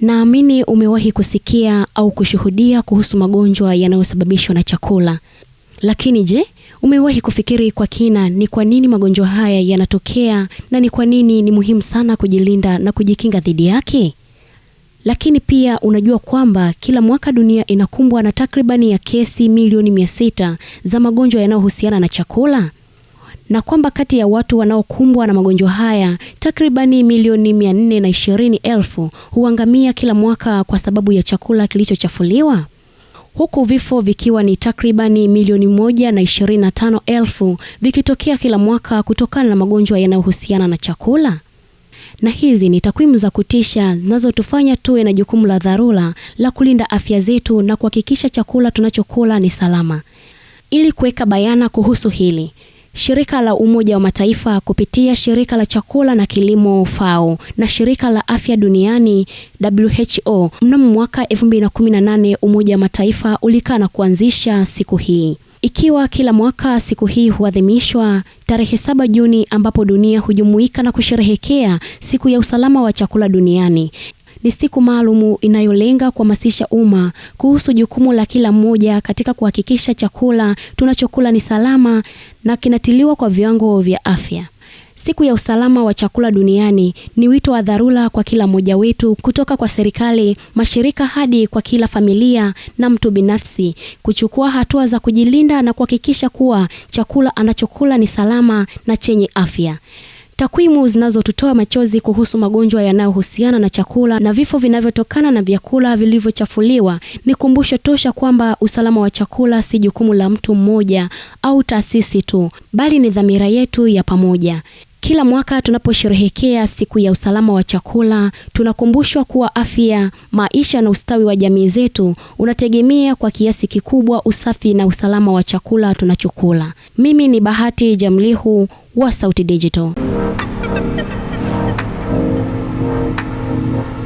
Naamini umewahi kusikia au kushuhudia kuhusu magonjwa yanayosababishwa na chakula. Lakini je, umewahi kufikiri kwa kina ni kwa nini magonjwa haya yanatokea na ni kwa nini ni muhimu sana kujilinda na kujikinga dhidi yake? Lakini pia unajua kwamba kila mwaka dunia inakumbwa na takribani ya kesi milioni mia sita za magonjwa yanayohusiana na chakula? na kwamba kati ya watu wanaokumbwa na magonjwa haya takribani milioni mia nne na ishirini elfu huangamia kila mwaka kwa sababu ya chakula kilichochafuliwa huku vifo vikiwa ni takribani milioni moja na ishirini na tano elfu vikitokea kila mwaka kutokana na magonjwa yanayohusiana na chakula. Na hizi ni takwimu za kutisha zinazotufanya tuwe na jukumu la dharura la kulinda afya zetu na kuhakikisha chakula tunachokula ni salama. Ili kuweka bayana kuhusu hili Shirika la Umoja wa Mataifa kupitia Shirika la Chakula na Kilimo FAO na Shirika la Afya Duniani WHO mnamo mwaka 2018 Umoja wa Mataifa ulikaa na kuanzisha siku hii ikiwa kila mwaka siku hii huadhimishwa tarehe saba Juni ambapo dunia hujumuika na kusherehekea siku ya usalama wa chakula duniani ni siku maalumu inayolenga kuhamasisha umma kuhusu jukumu la kila mmoja katika kuhakikisha chakula tunachokula ni salama na kinatiliwa kwa viwango vya afya. Siku ya usalama wa chakula duniani ni wito wa dharura kwa kila mmoja wetu, kutoka kwa serikali, mashirika hadi kwa kila familia na mtu binafsi, kuchukua hatua za kujilinda na kuhakikisha kuwa chakula anachokula ni salama na chenye afya. Takwimu zinazotutoa machozi kuhusu magonjwa yanayohusiana na chakula na vifo vinavyotokana na vyakula vilivyochafuliwa ni kumbusho tosha kwamba usalama wa chakula si jukumu la mtu mmoja au taasisi tu, bali ni dhamira yetu ya pamoja. Kila mwaka tunaposherehekea siku ya usalama wa chakula, tunakumbushwa kuwa afya, maisha na ustawi wa jamii zetu unategemea kwa kiasi kikubwa usafi na usalama wa chakula tunachokula. Mimi ni Bahati Jamlihu wa Sauti Digital. Thank you.